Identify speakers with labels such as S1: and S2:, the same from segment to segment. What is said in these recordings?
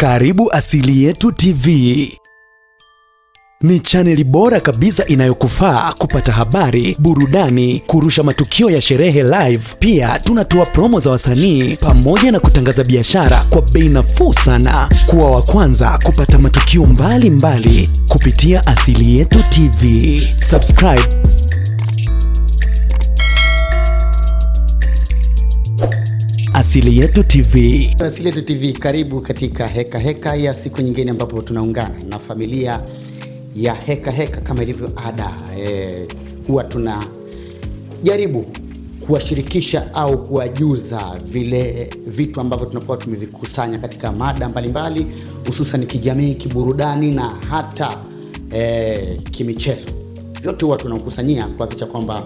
S1: Karibu Asili Yetu TV ni chaneli bora kabisa inayokufaa kupata habari, burudani, kurusha matukio ya sherehe live. Pia tunatoa promo za wasanii pamoja na kutangaza biashara kwa bei nafuu sana. Kuwa wa kwanza kupata matukio mbalimbali mbali kupitia Asili Yetu TV. Subscribe. Asili Yetu TV. Asili Yetu TV, karibu katika heka heka ya siku nyingine ambapo tunaungana na familia ya heka heka. Kama ilivyo ada e, huwa tunajaribu kuwashirikisha au kuwajuza vile vitu ambavyo tunakuwa tumevikusanya katika mada mbalimbali hususan kijamii, kiburudani na hata e, kimichezo. Vyote huwa tunakusanyia kuhakikisha kwamba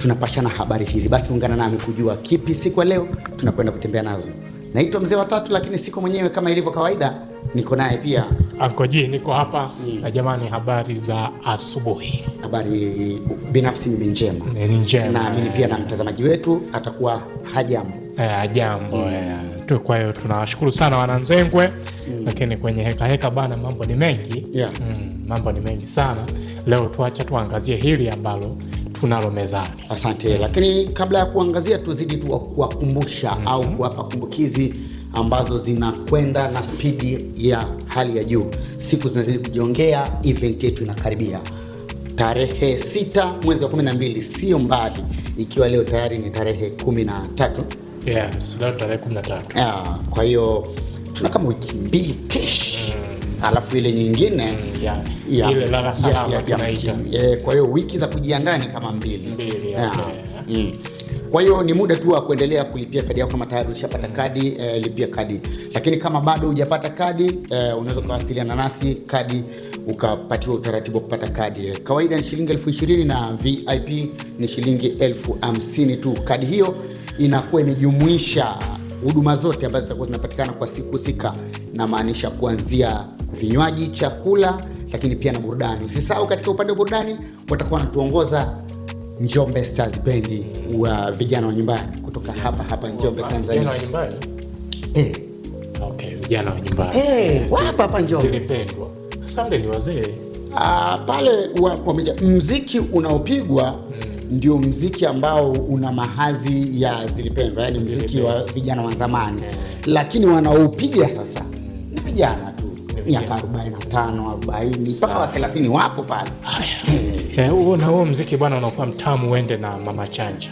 S1: tunapashana habari hizi. Basi ungana nami kujua kipi siku ya leo tunakwenda kutembea nazo. Naitwa mzee wa tatu, lakini siko mwenyewe kama ilivyo kawaida, niko naye pia
S2: Ankoji, niko hapa mm. na mm. Jamani, habari za asubuhi.
S1: Habari binafsi mimi njema, mimi pia na mtazamaji wetu atakuwa hajambo
S2: eh, hajambo mm. Kwa hiyo tunawashukuru sana wananzengwe mm. Lakini kwenye heka heka bana, mambo ni mengi yeah. mm, mambo ni mengi sana leo, tuacha tuangazie hili ambalo tunalo mezani.
S1: Asante, lakini kabla ya kuangazia, tuzidi tu kuwakumbusha mm -hmm. au kuwapa kumbukizi ambazo zinakwenda na spidi ya hali ya juu. Siku zinazidi kujiongea, event yetu inakaribia tarehe 6 mwezi wa 12, sio mbali, ikiwa leo tayari ni tarehe 13.
S2: Yes, tarehe 13.
S1: Yeah, kwa hiyo tuna kama wiki mbili kesh mm alafu ile nyingine
S2: mm, Ile lala salama
S1: eh, Kwa hiyo wiki za kujiandaa ni kama mbili, mbili yeah. Mm. Kwa hiyo ni muda tu wa kuendelea kulipia kadi yako kama tayari ulishapata kadi eh, lipia kadi, lakini kama bado hujapata kadi eh, unaweza ukawasiliana nasi kadi ukapatiwa utaratibu wa kupata kadi. Eh, kawaida ni shilingi elfu ishirini na VIP ni shilingi elfu hamsini tu. Kadi hiyo inakuwa imejumuisha huduma zote ambazo zitakuwa zinapatikana kwa siku husika, maanisha kuanzia vinywaji, chakula, lakini pia na burudani. Usisahau katika upande wa burudani watakuwa wanatuongoza Njombe Stars Bendi wa vijana wa nyumbani kutoka hapa hapa Njombe, Tanzania. Eh.
S2: Okay, vijana wa nyumbani.
S1: Eh, hapa hapa
S2: Njombe. ni wazee.
S1: Ah, pale wameja mziki unaopigwa hmm. ndio mziki ambao una mahazi ya zilipendwa, yani mziki wa vijana wa zamani, lakini wanaoupiga sasa ni vijana miaka 45 40 mpaka 30 wapo pale.
S2: Eh, huo na huo mziki bwana unakuwa mtamu, uende na mama chanja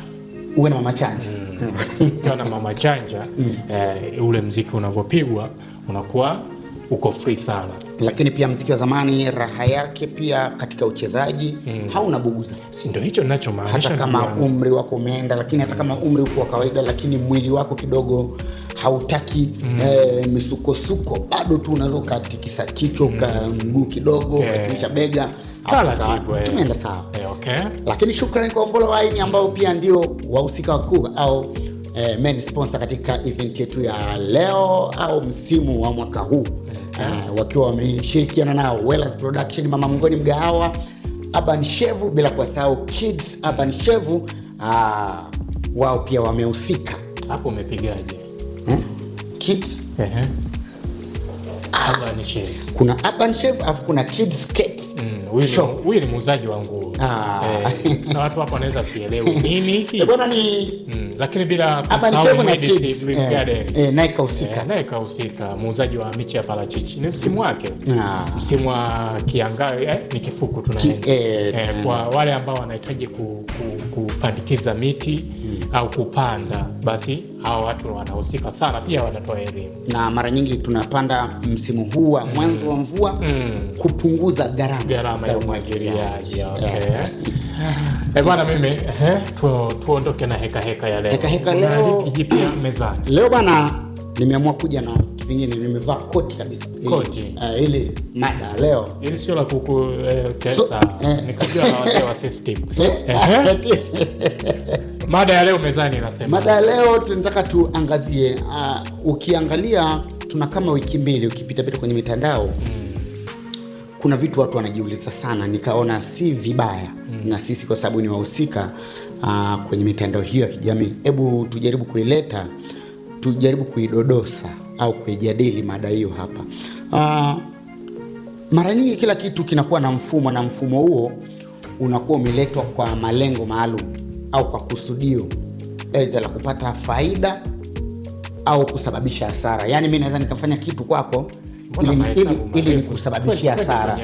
S1: uwe na mama chanja
S2: mm. ukiwa na mama chanja, mm. eh, ule mziki unavyopigwa unakuwa uko free sana
S1: lakini pia mziki wa zamani raha yake pia katika uchezaji mm. hauna buguza,
S2: ndo Hicho ninachomaanisha,
S1: hata kama umri wako umeenda, lakini hata kama umri uko wa kawaida, lakini mwili wako kidogo hautaki mm. eh, misukosuko bado tu unaweza ukatikisa kichwa mm. ka mguu kidogo ukatimisha yeah. bega tumeenda sawa yeah, okay. Lakini shukrani kwa Ombolo waini ambao pia ndio wahusika wakuu au eh, main sponsor katika event yetu ya leo au msimu wa mwaka huu wakiwa wameshirikiana nao Wellers Production, Mama mgoni Mgahawa, Urban Chef, bila kuwasahau Kids Urban Chef, uh, ah, wao pia wamehusika
S2: hapo. Umepigaje
S1: hmm? Kids
S2: uh ah. -huh. Urban Shevu
S1: kuna Urban Chef afu kuna Kids Cake
S2: huyu ni muuzaji wa nguo ah. eh, sasa, watu hapo wanaweza sielewe nini hiki
S1: eh, bwana ni
S2: hmm, lakini bila
S1: kusahau naye kahusika,
S2: naye muuzaji wa michi ya parachichi. Ni msimu wake, ah. msimu wa kianga eh, ni kifuku tunaenda eh, eh, kwa wale ambao wanahitaji kupandikiza ku, ku, miti hmm au kupanda, basi hawa watu wanahusika sana, pia wanatoa elimu.
S1: Na mara nyingi tunapanda msimu huu wa mwanzo wa mvua mm. mm. kupunguza gharama
S2: ya umwagiliaji. Eh. eh, bwana mimi eh, tu, tuondoke na heka heka ya leo.
S1: Heka heka leo
S2: jipya mezani.
S1: Leo bana nimeamua kuja na vingine nimevaa koti
S2: kabisa koti
S1: eh, ile uh, mada leo
S2: ili sio la kuku eh, kesa so, eh. nikajua na wazee wa system Mada ya leo mezani inasema,
S1: mada ya leo tunataka tuangazie. Uh, ukiangalia tuna kama wiki mbili, ukipitapita kwenye mitandao mm. kuna vitu watu wanajiuliza sana, nikaona si vibaya mm. na sisi kwa sababu ni wahusika uh, kwenye mitandao hiyo ya kijamii, hebu tujaribu kuileta, tujaribu kuidodosa au kuijadili mada hiyo hapa uh, mara nyingi kila kitu kinakuwa na mfumo na mfumo huo unakuwa umeletwa kwa malengo maalum au kwa kusudio, aidha la kupata faida au kusababisha hasara. Yaani mimi naweza nikafanya kitu kwako ili nikusababishia hasara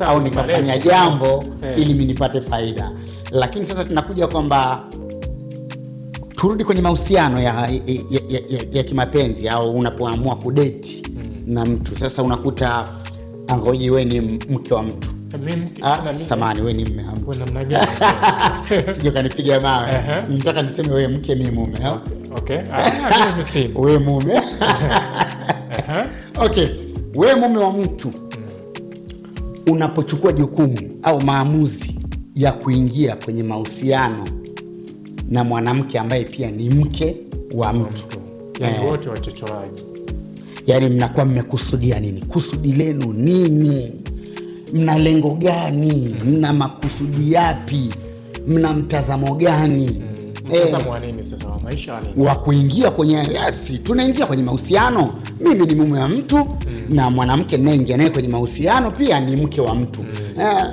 S1: au nikafanya jambo hey, eh. ili minipate faida. Lakini sasa tunakuja kwamba turudi kwenye mahusiano ya, ya, ya, ya, ya kimapenzi au unapoamua kudeti hmm, na mtu sasa unakuta angoji we ni mke wa mtu Ah, samani, we ni mme sije kanipiga mawe. Nitaka niseme we mke, mi mume.
S2: Ah,
S1: we mume okay, we mume wa mtu unapochukua jukumu au maamuzi ya kuingia kwenye mahusiano na mwanamke ambaye pia ni mke wa mtu,
S2: yani eh.
S1: yani mnakuwa mmekusudia nini? Kusudi lenu nini? mna lengo gani? Mna makusudi yapi? Mna mtazamo gani? Mm. Eh. wa kuingia kwenye yasi, tunaingia kwenye mahusiano. Mimi ni mume wa mtu mm. na mwanamke ninaingia naye kwenye mahusiano pia ni mke wa mtu mm. eh,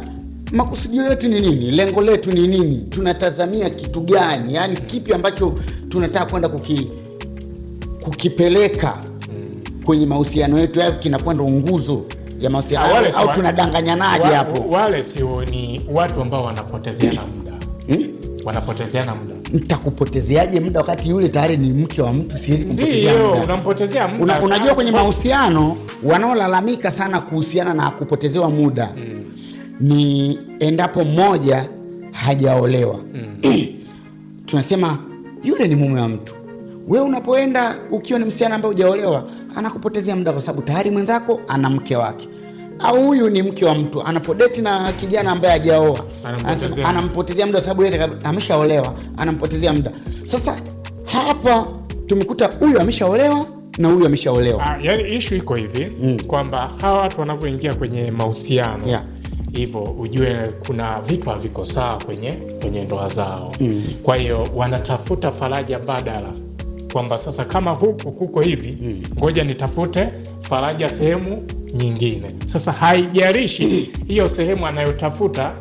S1: makusudio yetu ni nini? Lengo letu ni nini? Tunatazamia kitu gani? Yaani kipi ambacho tunataka kwenda kuki, kukipeleka mm. kwenye mahusiano yetu, yaani kinakwenda unguzo ya mahusiano au tunadanganyanaje hapo?
S2: Wale sio ni watu ambao wanapotezeana muda hmm? wanapotezeana muda.
S1: Nitakupotezeaje muda wakati yule tayari ni mke wa mtu? Siwezi kumpotezea muda.
S2: Unampotezea muda.
S1: Una, unajua kwenye mahusiano wanaolalamika sana kuhusiana na kupotezewa muda hmm. ni endapo mmoja hajaolewa hmm. tunasema yule ni mume wa mtu, wewe unapoenda ukiwa ni msichana ambaye hujaolewa anakupotezea muda, kwa sababu tayari mwenzako ana mke wake au huyu ni mke wa mtu anapodeti na kijana ambaye hajaoa anampotezea muda, sababu yeye ameshaolewa, anampotezea muda. Sasa hapa tumekuta huyu ameshaolewa na huyu ameshaolewa.
S2: Ah, yani ishu iko hivi mm, kwamba hawa watu wanavyoingia kwenye mahusiano yeah hivyo ujue kuna vitu haviko sawa kwenye, kwenye ndoa zao mm. Kwa hiyo wanatafuta faraja mbadala kwamba sasa kama huku kuko hivi, ngoja nitafute faraja sehemu nyingine. Sasa haijarishi hiyo sehemu anayotafuta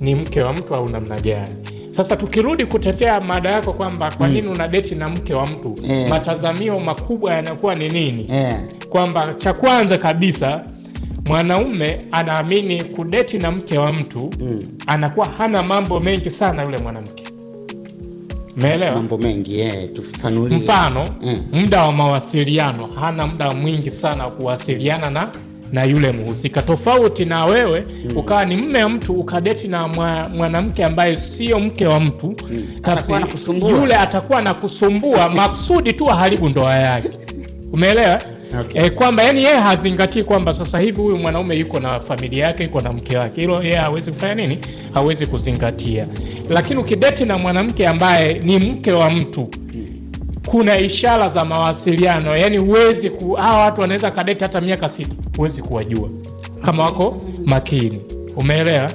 S2: ni mke wa mtu au namna gani. Sasa tukirudi kutetea mada yako kwamba kwa nini una deti na mke wa mtu yeah. Eh. Matazamio makubwa yanakuwa ni nini? yeah. Kwamba cha kwanza kabisa mwanaume anaamini kudeti na mke wa mtu mm. anakuwa hana mambo mengi sana yule mwanamke Umeelewa?
S1: Mambo mengi eh, tufanulie.
S2: Mfano eh, muda wa mawasiliano, hana muda mwingi sana kuwasiliana na na yule mhusika, tofauti na wewe mm. ukawa ni mme mtu ukadeti na mwanamke mwa ambaye sio mke wa mtu mm. kasi yule atakuwa na kusumbua maksudi tu aharibu ndoa yake, umeelewa? okay. E, eh, kwamba yani yeye hazingatii kwamba sasa hivi huyu mwanaume yuko na familia yake, yuko na mke wake. Hilo yeye hawezi kufanya nini, hawezi kuzingatia. Lakini ukideti na mwanamke ambaye ni mke wa mtu kuna ishara za mawasiliano, yani huwezi ku hawa watu wanaweza kadeti hata miaka sita, huwezi kuwajua kama wako makini, umeelewa?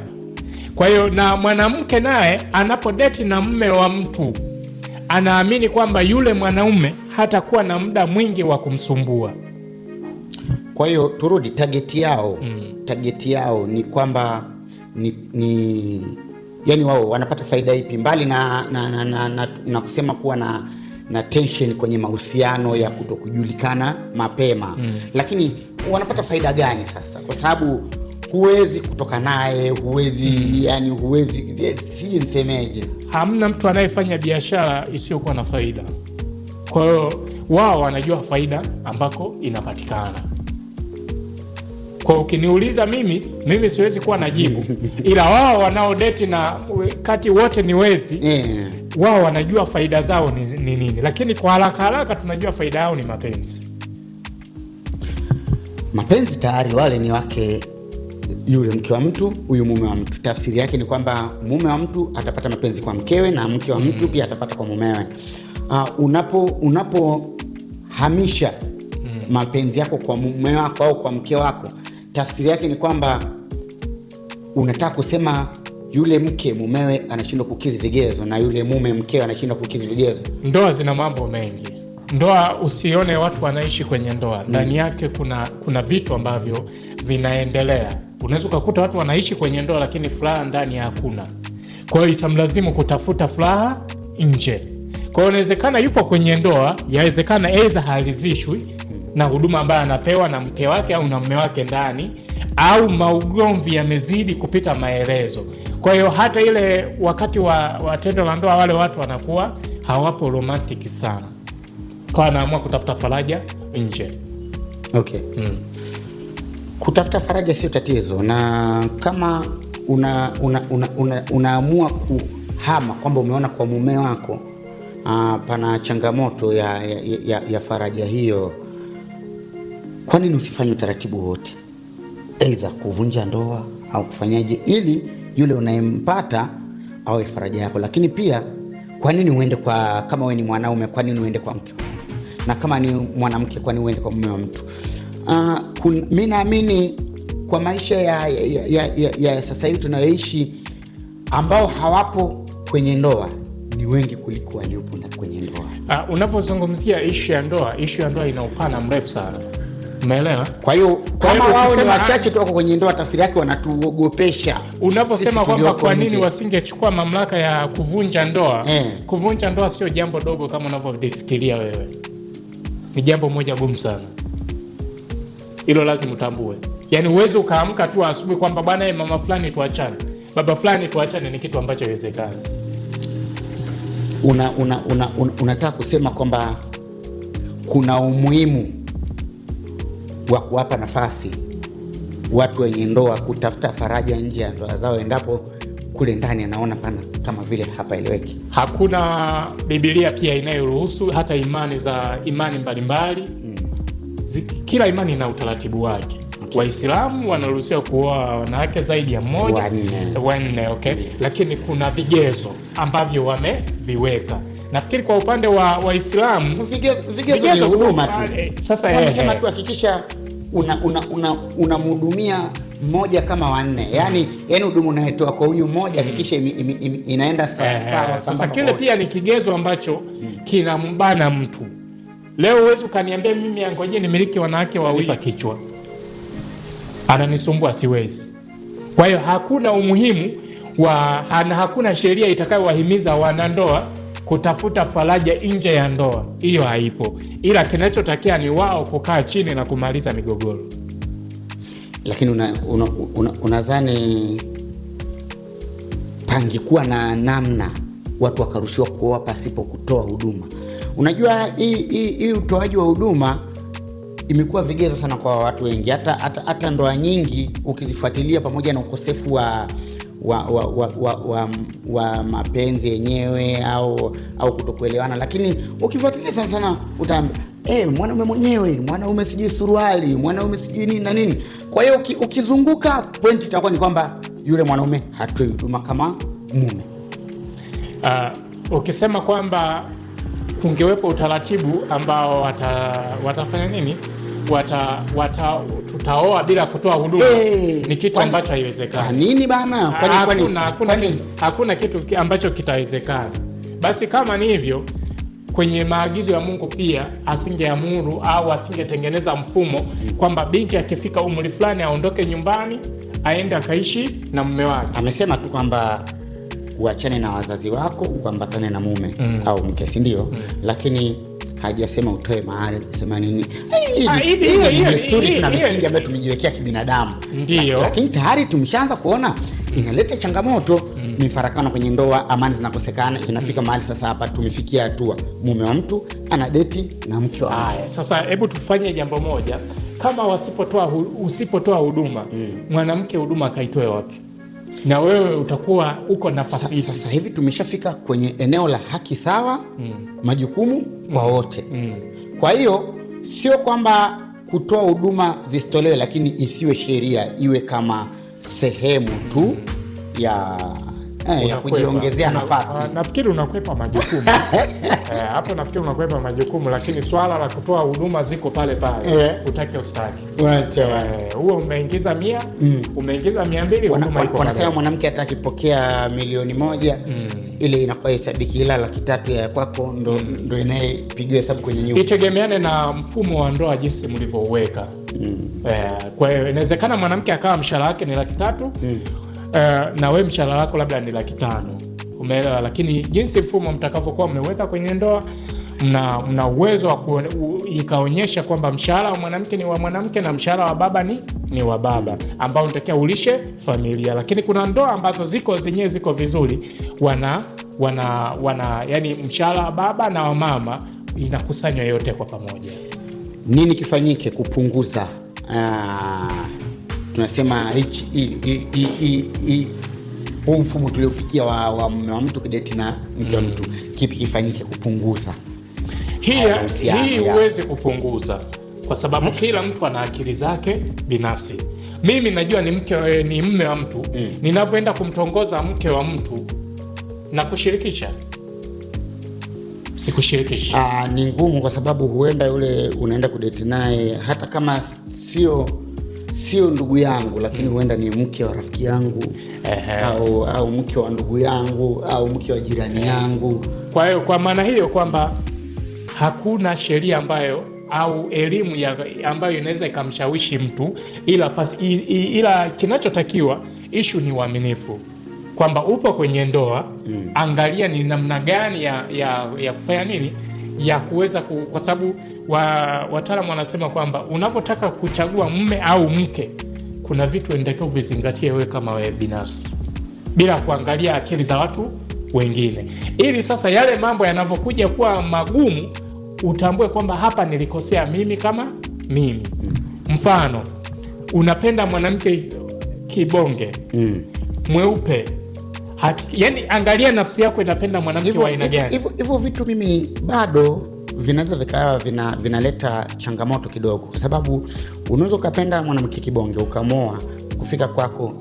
S2: Kwa hiyo na mwanamke naye anapodeti na mme wa mtu anaamini kwamba yule mwanaume hatakuwa na muda mwingi wa kumsumbua.
S1: Kwa hiyo turudi tageti yao mm. tageti yao ni kwamba ni, ni yani wao wanapata faida ipi mbali na, na, na, na, na, na kusema kuwa na, na tension kwenye mahusiano ya kutokujulikana mapema mm. lakini wanapata faida gani sasa? Kwa sababu huwezi kutoka naye, huwezi mm. yani huwezi sijui nsemeje
S2: hamna mtu anayefanya biashara isiyokuwa na faida. Kwa hiyo wao wanajua faida ambako inapatikana kwa ukiniuliza mimi, mimi siwezi kuwa na jibu, ila wao wanaodeti na kati wote ni wezi yeah. Wao wanajua faida zao ni nini ni, lakini kwa haraka haraka tunajua faida yao ni mapenzi.
S1: Mapenzi tayari wale ni wake yule mke wa mtu, huyu mume wa mtu. Tafsiri yake ni kwamba mume wa mtu atapata mapenzi kwa mkewe na mke wa mtu mm. pia atapata kwa mumewe. Uh, unapo unapohamisha mm. mapenzi yako kwa mume wako au kwa mke wako tafsiri yake ni kwamba unataka kusema yule mke mumewe anashindwa kukizi vigezo na yule mume mkewe anashindwa kukizi vigezo.
S2: Ndoa zina mambo mengi. Ndoa usione watu wanaishi kwenye ndoa, mm. ndani mm. yake kuna, kuna vitu ambavyo vinaendelea. Unaweza ukakuta watu wanaishi kwenye ndoa, lakini furaha ndani ya hakuna. Kwa hiyo itamlazimu kutafuta furaha nje. Kwa hiyo inawezekana yupo kwenye ndoa, yawezekana aidha haridhishwi na huduma ambayo anapewa na mke wake au na mume wake ndani, au maugomvi yamezidi kupita maelezo. Kwa hiyo hata ile wakati wa, wa tendo la ndoa wale watu wanakuwa hawapo romantic sana, kwa anaamua kutafuta faraja nje.
S1: Okay. Mm. Kutafuta faraja sio tatizo, na kama una, una, una, una, unaamua kuhama kwamba umeona kwa mume wako uh, pana changamoto ya, ya, ya, ya faraja hiyo kwa nini usifanye utaratibu wote, aidha kuvunja ndoa au kufanyaje, ili yule unayempata awe faraja yako. Lakini pia kwa nini uende kwa, kama wewe ni mwanaume, kwa nini uende kwa mke wa mtu? Na kama ni mwanamke, kwa nini uende kwa mume wa mtu? Ah, uh, mimi naamini kwa maisha ya, ya, ya, ya, ya sasa hivi tunayoishi, ambao hawapo kwenye ndoa ni wengi kuliko waliopo kwenye ndoa.
S2: Uh, unavyozungumzia ishu ya ndoa, ishu ya ndoa ina upana mrefu sana Naelewa.
S1: Kwa hiyo kama wao ni wachache tu wako kwenye ndoa, tafsiri yake wanatuogopesha.
S2: Unaposema kwamba kwa nini wasingechukua mamlaka ya kuvunja ndoa eh. Kuvunja ndoa sio jambo dogo kama unavyofikiria wewe, ni jambo moja gumu sana, hilo lazima utambue. Yaani uwezi ukaamka tu asubuhi kwamba bwana, eh, mama fulani tuachane, baba fulani tuachane, ni kitu ambacho haiwezekani.
S1: Unataka una, una, una, una kusema kwamba kuna umuhimu wa kuwapa nafasi watu wenye ndoa kutafuta faraja nje ya ndoa zao endapo kule ndani anaona pana kama vile hapaeleweki.
S2: Hakuna Biblia pia inayoruhusu hata imani za imani mbalimbali mm. Kila imani ina utaratibu wake. Okay. Waislamu wanaruhusiwa kuoa wanawake zaidi ya mmoja wanne, okay? Yeah. Hmm. Lakini kuna vigezo ambavyo wameviweka nafikiri kwa upande wa Waislamu
S1: vigezo, vigezo, huduma tu. Eh, sasa wanasema eh, tu hakikisha unamhudumia una, una mmoja kama wanne, yani yani huduma unaetoa kwa huyu mmoja hakikisha mm. inaenda eh, sawa eh, sawa.
S2: sasa kile pia ni kigezo ambacho mm. kinambana mtu. Leo huwezi ukaniambia mimi angoje nimiliki wanawake wawili kichwa, ananisumbua, siwezi. Kwa hiyo hakuna umuhimu wa, hakuna sheria itakayowahimiza wanandoa kutafuta faraja nje ya ndoa, hiyo haipo, ila kinachotakia ni wao kukaa chini na kumaliza migogoro.
S1: Lakini unadhani una, una, una pangikuwa na namna watu wakarushiwa kuoa pasipo kutoa huduma? Unajua hii utoaji wa huduma imekuwa vigezo sana kwa watu wengi, hata hata ndoa nyingi ukizifuatilia, pamoja na ukosefu wa wa, wa, wa, wa, wa, wa mapenzi yenyewe au au kutokuelewana, lakini ukifuatilia sana sana utaambia eh, mwanaume mwenyewe, mwanaume sijui suruali, mwanaume sijui nini na nini. Kwa hiyo ukizunguka pointi itakuwa ni kwamba yule mwanaume hatoi huduma kama mume.
S2: Uh, ukisema kwamba kungewepo utaratibu ambao wata, watafanya nini wata, wata, tutaoa bila kutoa huduma hey, eh, ni kitu ambacho haiwezekani. Ah,
S1: nini bana? Kwani
S2: hakuna, hakuna kitu ambacho kitawezekana. Basi kama ni hivyo kwenye maagizo ya Mungu pia asingeamuru au asingetengeneza mfumo kwamba binti akifika umri fulani aondoke nyumbani aende akaishi na mume wake.
S1: Amesema tu kwamba uachane na wazazi wako uambatane na mume mm. au mke, si ndio? mm. lakini hajasema utoe mahari, hajasema nini. Ah, hizi ni desturi, tuna misingi ambayo tumejiwekea kibinadamu, ndio. Lakini tayari tumeshaanza kuona inaleta changamoto mm. mifarakano kwenye ndoa, amani zinakosekana, inafika mm. mahali sasa. Hapa tumefikia hatua mume wa mtu ana deti na mke wa mtu.
S2: Sasa hebu tufanye jambo moja, kama wasipotoa usipotoa huduma, mm. mwanamke huduma akaitoe wapi? na wewe utakuwa uko nafasi hii.
S1: Sasa hivi tumeshafika kwenye eneo la haki sawa, mm. majukumu kwa mm. wote mm. kwa hiyo sio kwamba kutoa huduma zisitolewe, lakini isiwe sheria, iwe kama sehemu tu ya Eh, ya kujiongezea nafasi. Ah,
S2: nafikiri unakwepa majukumu eh, hapo, nafikiri unakwepa majukumu, lakini swala la kutoa huduma ziko pale pale eh. Utake ustaki huo umeingiza mia mm. umeingiza mia mbili
S1: wanasema mwanamke hata akipokea milioni moja mm. ile inakuwa hesabiki, ila laki tatu ya kwako ndo, mm. ndo inayepigiwa hesabu kwenye nyumba,
S2: itegemeane na mfumo wa ndoa jinsi mlivyouweka mm. eh, kwa hiyo inawezekana mwanamke akawa mshahara wake ni laki tatu mm uh, na we mshahara wako labda ni laki tano, umeelewa. Lakini jinsi mfumo mtakavyokuwa mmeweka kwenye ndoa mna mna uwezo wa ikaonyesha kwamba mshahara wa mwanamke ni wa mwanamke na mshahara wa baba ni ni wa baba ambao natakia ulishe familia. Lakini kuna ndoa ambazo ziko zenyewe ziko vizuri, wana wana wana yani mshahara wa baba na wa mama inakusanywa yote kwa pamoja.
S1: Nini kifanyike kupunguza ah, tunasema rich huu mfumo tuliofikia wa, wa mume wa mtu kideti na mke wa mm. mtu, kipi kifanyike kupunguza
S2: hii? Huwezi kupunguza kwa sababu kila mtu ana akili zake binafsi. Mimi najua ni mke, eh, ni mme wa mtu mm. Ninavyoenda kumtongoza mke wa mtu na kushirikisha sikushirikisha.
S1: Ah, ni ngumu kwa sababu huenda yule unaenda kudeti naye hata kama sio sio ndugu yangu, lakini mm. huenda ni mke wa rafiki yangu au, au mke wa ndugu yangu au mke wa jirani yangu.
S2: Kwa hiyo kwa maana hiyo kwamba hakuna sheria ambayo au elimu ya ambayo inaweza ikamshawishi mtu ila, pas, ila kinachotakiwa ishu ni uaminifu kwamba upo kwenye ndoa mm. Angalia ni namna gani ya, ya, ya kufanya nini ya kuweza ku, kwa sababu wa, wataalamu wanasema kwamba unavyotaka kuchagua mme au mke, kuna vitu endekea uvizingatie wewe kama wewe binafsi bila kuangalia akili za watu wengine, ili sasa yale mambo yanavyokuja kuwa magumu utambue kwamba hapa nilikosea mimi kama mimi. Mfano, unapenda mwanamke kibonge mm. mweupe yani angalia nafsi yako inapenda mwanamke wa aina gani.
S1: Hivyo vitu mimi bado vinaweza vikawa vina, vinaleta changamoto kidogo, kwa sababu unaweza ukapenda mwanamke kibonge ukamoa, kufika kwako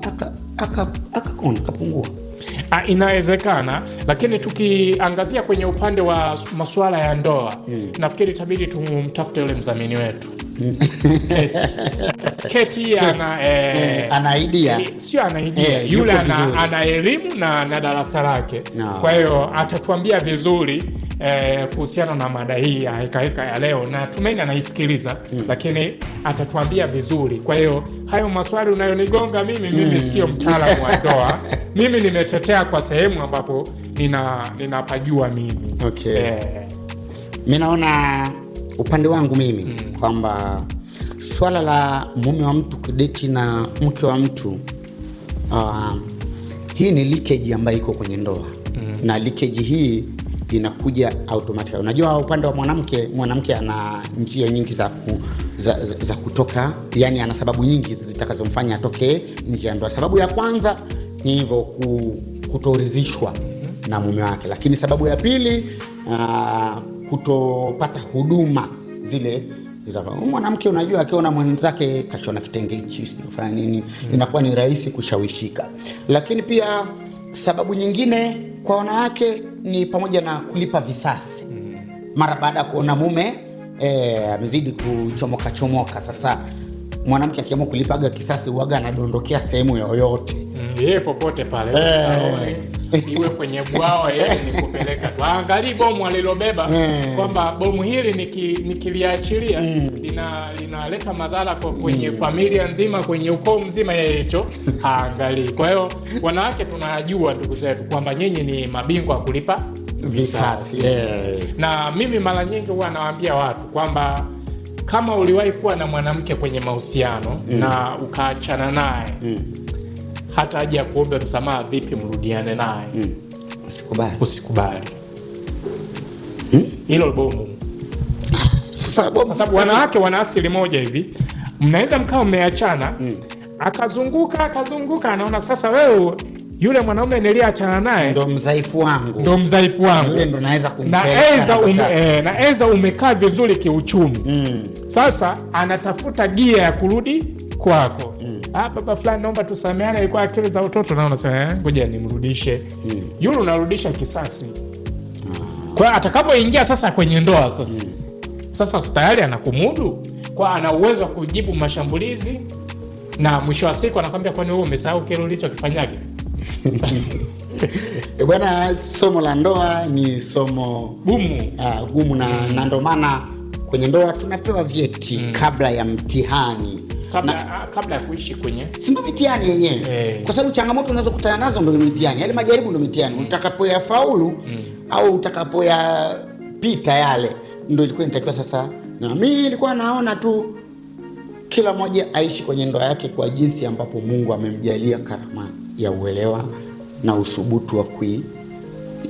S1: akakona akapungua
S2: ah, inawezekana lakini, tukiangazia kwenye upande wa masuala ya ndoa hmm, nafikiri itabidi tumtafute yule mdhamini wetu Keti ana eh, eh
S1: ana idea eh,
S2: sio ana idea eh, yule ana, ana elimu na, na darasa lake no. Kwa hiyo atatuambia vizuri eh, kuhusiana na mada hii ya heka heka ya leo, na tumaini anaisikiliza mm. Lakini atatuambia vizuri. Kwa hiyo hayo maswali unayonigonga mimi mimi mm. sio mtaalamu wa ndoa mimi nimetetea kwa sehemu ambapo ninapajua nina mimi
S1: okay. eh. mi naona upande wangu mimi mm. kwamba swala la mume wa mtu kudeti na mke wa mtu uh, hii ni likeji ambayo iko kwenye ndoa mm. na likeji hii inakuja automatic. Unajua, upande wa mwanamke, mwanamke ana njia nyingi za, ku, za, za, za kutoka, yani ana sababu nyingi zitakazomfanya atoke nje ya ndoa. Sababu ya kwanza ni hivyo ku, kutoridhishwa mm-hmm. na mume wake, lakini sababu ya pili uh, kutopata huduma vile mwanamke unajua, akiona mwenzake kashona kitenge hichi sifanya nini, mm. inakuwa ni rahisi kushawishika. Lakini pia sababu nyingine kwa wanawake ni pamoja na kulipa visasi mm. mara baada ya kuona mume eh, amezidi e, kuchomoka chomoka. Sasa mwanamke akiamua kulipaga kisasi, uaga anadondokea sehemu yoyote,
S2: mm, popote pale e, niwe kwenye bwawa yeye nikupeleka tu. Angalii bomu alilobeba eh. kwamba bomu hili nikiliachilia niki mm. linaleta madhara kwa kwenye familia nzima, kwenye ukoo mzima, yeye hicho haangalii. Kwa hiyo wanawake, tunajua ndugu zetu kwamba nyinyi ni mabingwa kulipa
S1: visasi
S2: yeah. Na mimi mara nyingi huwa nawaambia watu kwamba kama uliwahi kuwa na mwanamke kwenye mahusiano mm. na ukaachana naye mm hata aje akuombe msamaha vipi, mrudiane naye
S1: mm. Usikubali,
S2: usikubali hmm? hilo bomu sasa, bomu. Sababu wanawake wana asili moja hivi, mnaweza mkawa mmeachana mm. akazunguka akazunguka, anaona sasa wewe yule mwanaume niliachana naye
S1: ndo mdhaifu wangu,
S2: ndo mdhaifu wangu,
S1: yule ndo naweza kumpenda
S2: na eza ume, eh, umekaa vizuri kiuchumi mm. Sasa anatafuta gia ya kurudi kwako ah, baba fulani, naomba tusameane, alikuwa akili za utoto, na unasema eh, ngoja nimrudishe mm. Yule unarudisha kisasi mm. Kwa atakapoingia sasa kwenye ndoa sasa mm. Sasa tayari anakumudu kwa, ana uwezo wa kujibu mashambulizi, na mwisho wa siku anakwambia, kwani wewe umesahau kile ulichokifanyaje?
S1: E bwana, somo la ndoa ni somo gumu, uh, gumu na, mm. na ndo maana kwenye ndoa tunapewa vyeti mm. kabla ya mtihani
S2: kabla, kabla ya kuishi kwenye
S1: si mitihani yenyewe hey. Eh. Kwa sababu changamoto unazokutana nazo ndo mitihani, yale majaribu ndo mitihani mm. Utakapoyafaulu mm. au utakapoyapita yale ndo ilikuwa inatakiwa sasa. Na mimi nilikuwa naona tu kila mmoja aishi kwenye ndoa yake kwa jinsi ambapo Mungu amemjalia karama ya uelewa na usubutu wa kui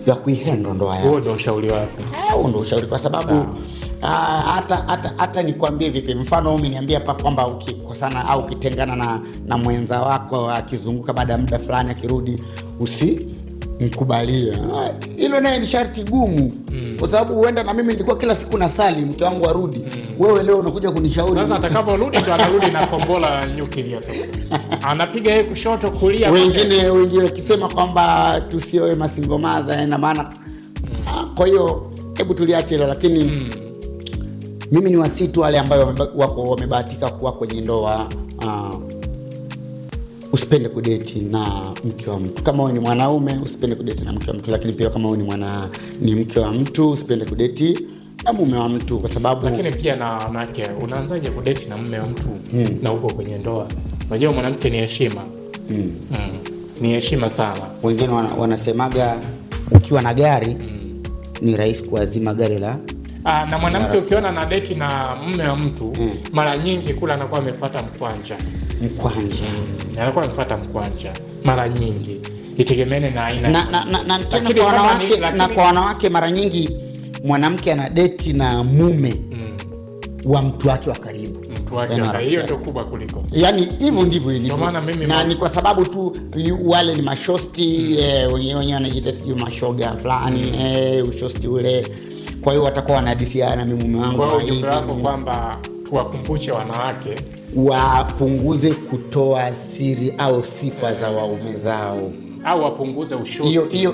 S1: ya kuihendo ndoa yake.
S2: Huo ndo ushauri wako?
S1: Eh, huo ndo ushauri kwa sababu Sao. Ah, hata hata hata nikwambie vipi, mfano umeniambia pa kwamba ukikosana au ukitengana na, na mwenza wako akizunguka baada ya muda fulani akirudi usi mkubalia ah, hilo naye ni sharti gumu mm. sababu huenda na mimi nilikuwa kila siku nasali mke wangu arudi mm. Wewe leo unakuja kunishauri
S2: sasa, atakaporudi ndo anarudi na kombola nyuklia sasa, anapiga yeye kushoto kulia.
S1: Wengine wengine wakisema kwamba tusioe masingomaza, na maana mm. Ah, kwa hiyo hebu tuliache hilo, lakini mm. Mimi ni wasitu wale ambayo wako wamebahatika kuwa kwenye ndoa. Uh, usipende kudeti na mke wa mtu. Kama wewe ni mwanaume, usipende kudeti na mke wa mtu, lakini pia kama wewe ni mwana ni mke wa mtu, usipende kudeti na mume wa mtu kwa sababu.
S2: Lakini pia na wanawake, unaanzaje kudeti na mume wa mtu hmm, na uko kwenye ndoa? Unajua mwanamke ni heshima hmm. Hmm. Ni heshima sana.
S1: Wengine wanasemaga ukiwa na gari hmm, ni rahisi kuazima gari la
S2: Aa, ah, na mwanamke ukiona na deti na mme wa mtu mm. mara nyingi kula anakuwa amefuata mkwanja
S1: mkwanja, mm.
S2: anakuwa amefuata mkwanja mara nyingi, itegemeane na aina
S1: na, na, na, na, na, tena kwa wanawake lakini... na kwa wanawake mara nyingi mwanamke ana deti na mume mm. wa mtu wake wa karibu
S2: yaani hiyo ndio kubwa kuliko
S1: yani, hivyo ndivyo ilivyo, na ni kwa sababu tu wale ni mashosti wenyewe mm. eh, wanajiita sijui mashoga fulani mm. eh, ushosti ule kwa hiyo watakuwa wanadisiana, mimi mume wangu
S2: kwamba tuwakumbushe wanawake
S1: wapunguze kutoa siri au sifa za waume zao
S2: au wapunguze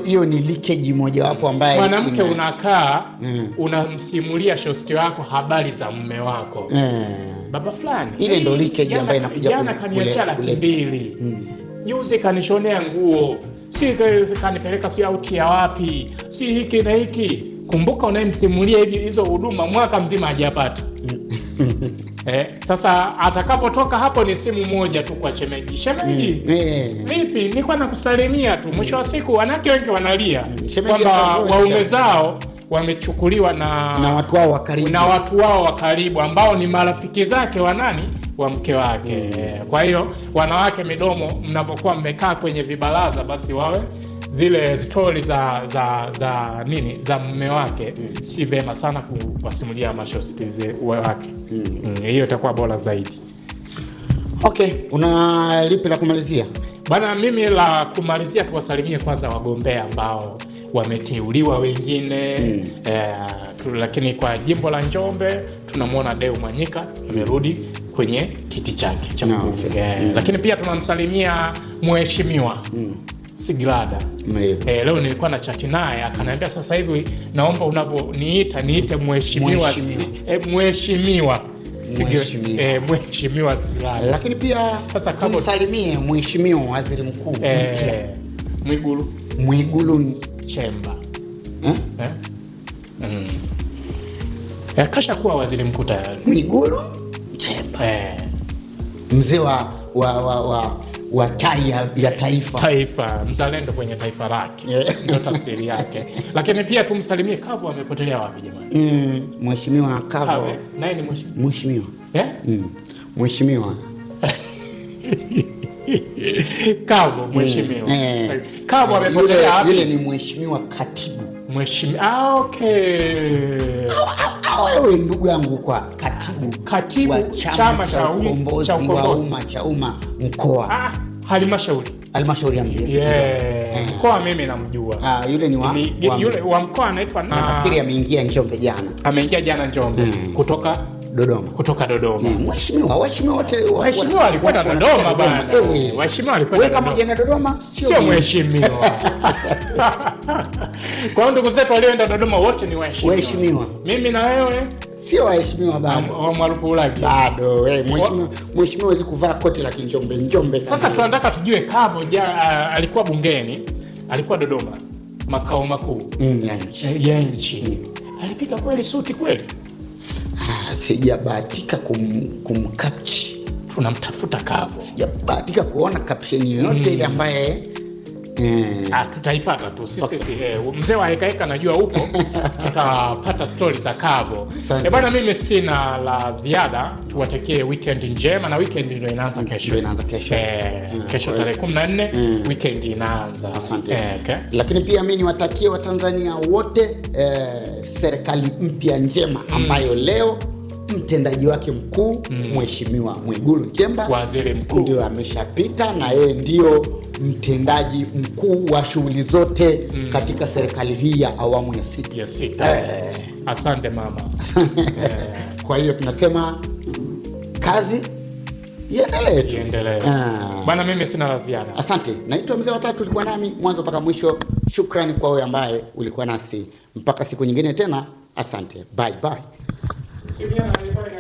S1: Hiyo ni leakage mojawapo ambaye
S2: mwanamke ina... unakaa mm. unamsimulia shosti wako habari za mume wako mm. baba fulani, ile ndio leakage ambayo inakuja. Jana kaniacha laki mbili, mm. juzi kanishonea nguo, si kanipeleka si auti ya wapi, si hiki na hiki kumbuka unayemsimulia hivi hizo huduma mwaka mzima hajapata. Eh, sasa atakapotoka hapo ni simu moja tu kwa shemeji. Shemeji, mm, eh. vipi? Mm. nakusalimia tu. Mm. Mwisho wa siku wanawake wengi wanalia mm, kwamba waume zao wamechukuliwa na
S1: na watu wao wa karibu,
S2: na watu wao wa karibu ambao ni marafiki zake wa nani, wa mke wake. Mm. Kwa hiyo wanawake, midomo mnavyokuwa mmekaa kwenye vibaraza, basi wawe zile stori za za za nini za mume wake mm. si vema sana kuwasimulia mashosti wake hmm. Hmm, hiyo mm. mm, itakuwa bora zaidi.
S1: Okay, una lipi la kumalizia
S2: bana? Mimi la kumalizia, tuwasalimie kwanza wagombea ambao wameteuliwa wengine mm. eh, tu, lakini kwa jimbo la Njombe tunamwona Deu Mwanyika mm. kwenye kiti chake cha no, okay. eh, mm. lakini pia tunamsalimia mheshimiwa mm. Sigrada. Eh, leo nilikuwa na chati naye akaniambia, sasa hivi naomba unavyoniita niite mheshimiwa mheshimiwa eh, mheshimiwa Sigrada,
S1: eh, lakini pia sasa salimie mheshimiwa waziri mkuu
S2: eh, Mwigulu
S1: Mwigulu
S2: Chemba eh? Eh? Mm. Eh, kasha kuwa waziri mkuu tayari
S1: Mwigulu Chemba eh, mzee wa wa wa, wa wa taya, ya, taifa
S2: taifa, mzalendo kwenye taifa lake ndio tafsiri yake. Lakini pia tumsalimie Kavu, amepotelea wapi jamani?
S1: Mm, mheshimiwa Kavu naye ni mheshimiwa eh, mm. mheshimiwa
S2: Kavu mm. mheshimiwa eh. Kavu amepotelea wapi?
S1: Yule ni mheshimiwa katibu,
S2: mheshimiwa ah, okay
S1: wewe ndugu yangu kwa katibu,
S2: katibu wa
S1: chama cha ukombozi wa umma cha umma mkoa
S2: ah, halmashauri halmashauri ya mji eh. mkoa, mimi namjua.
S1: Ah, yule ni wa ni,
S2: wa, yule wa mkoa anaitwa ah, na
S1: nafikiri ameingia Njombe jana,
S2: ameingia jana Njombe mm, kutoka Dodoma kutoka Dodoma. Eh, mheshimiwa, waheshimiwa wote waheshimiwa walikwenda Dodoma bwana, eh. waheshimiwa walikwenda
S1: kama jana Dodoma,
S2: sio mheshimiwa Kwa hiyo ndugu zetu walioenda Dodoma wote ni
S1: waheshimiwa,
S2: mimi na wewe
S1: sio waheshimiwa bado,
S2: Wa Mwalupu
S1: bado eh, mheshimiwa hawezi kuvaa koti la kinjombe njombe.
S2: Sasa tunataka tujue Kavo ja, alikuwa bungeni, alikuwa Dodoma makao makuu mm, ya nchi eh, mm. Alipiga kweli suti kweli?
S1: Ah, sijabahatika kum, kumkapchi,
S2: tunamtafuta Kavo,
S1: sijabahatika kuona kapsheni yoyote mm. ile ambaye
S2: mm. tutaipata tu sisi okay. Sisi eh, mzee wa heka najua huko tutapata stori za Kavo e bwana, mimi sina la ziada, tuwatakie weekend njema, na weekend ndio inaanza kesho, inaanza kesho eh, yeah. Mm, kesho tarehe 14 mm. weekend inaanza.
S1: Asante eh, okay. Lakini pia mi niwatakie Watanzania wote eh, serikali mpya njema mm. ambayo mm. leo mtendaji wake mkuu mm. Mheshimiwa mm. Mwigulu Nchemba,
S2: waziri mkuu,
S1: ndio ameshapita na yeye ndio mtendaji mkuu wa shughuli zote mm. katika serikali hii ya awamu ya sita,
S2: ya sita. Eh. Asante mama
S1: eh. Kwa hiyo tunasema kazi iendelee tu
S2: iendelee. Ah. mimi sina la ziada.
S1: Asante. Naitwa Mzee watatu ulikuwa nami mwanzo mpaka mwisho. Shukrani kwa wewe ambaye ulikuwa nasi mpaka siku nyingine tena, asante. Bye bye.